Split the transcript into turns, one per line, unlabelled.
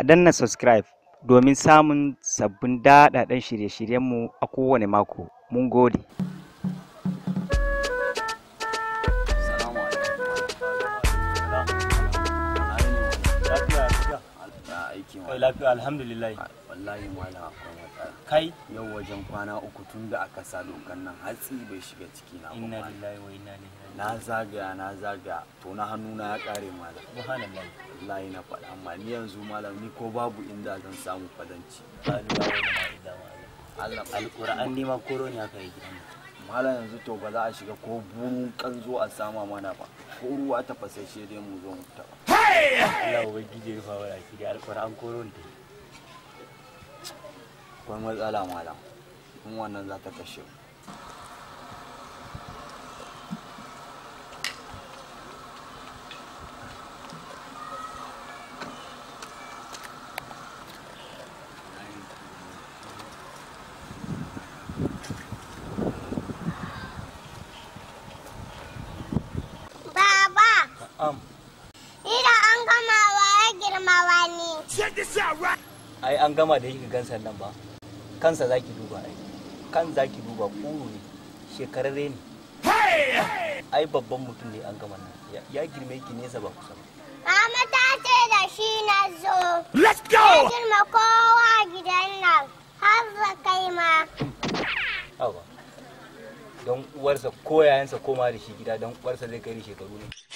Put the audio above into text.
a danna subscribe domin samun sabbin daɗaɗɗen shirye-shiryenmu a kowane mako. Mun gode.
ina aiki ma lafiya alhamdulillah wallahi malam akwai matsala kai yau wajen kwana uku tun da aka sa dokan nan hatsi bai shiga ciki na inna lillahi wa inna ilaihi na zagaya na zagaya to na hannu na ya kare malam subhanallahi wallahi na faɗa amma ni yanzu malam ni ko babu inda zan samu fadanci Allah alquran ni ma koro ne aka yi gidan malam yanzu to ba za a shiga ko burun kanzo a sama mana ba ko ruwa ta fasashe dai mu zo mu taɓa. kai Allah ubangiji rufa wa raki da alƙur'an koron da akwai matsala malam in wannan za ta kashe
Um.
ai an gama da yake gansa nan ba kansa zaki duba ai kan zaki duba kuru ne shekararre ne ai babban mutum ne an gama nan ya girme ki nesa ba kusa
Mama ta ce da shi na zo. Let's go! Ya girma kowa gidan nan har za kai ma.
Awa, don uwarsa ko yayansa koma da shi gida don uwarsa zai kai shekaru ne.